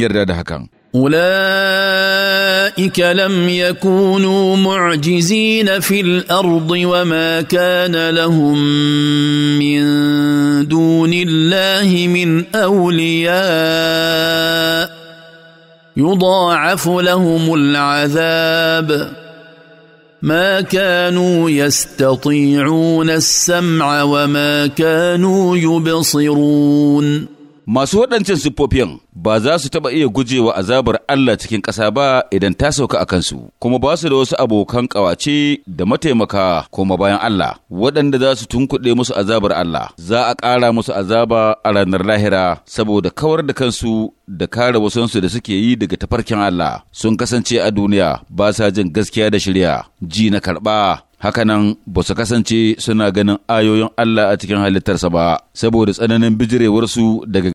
yarda da hakan. أولئك لم يكونوا معجزين في الأرض وما كان لهم من دون الله من أولياء يضاعف لهم العذاب ما كانوا يستطيعون السمع وما كانوا يبصرون Masu waɗancan siffofin ba za su taɓa iya gujewa azabar Allah cikin ƙasa ba idan ta sauka a kansu, kuma ba su da wasu abokan ƙawace da mataimaka kuma bayan Allah, waɗanda za su tunkuɗe musu azabar Allah, za a ƙara musu azaba a ranar lahira saboda kawar da kansu da kare wasansu da suke yi daga tafarkin Allah sun kasance a duniya ba sa jin gaskiya da shirya ji na karɓa hakanan ba su kasance suna ganin ayoyin Allah a cikin halittarsa ba saboda tsananin bijirewarsu daga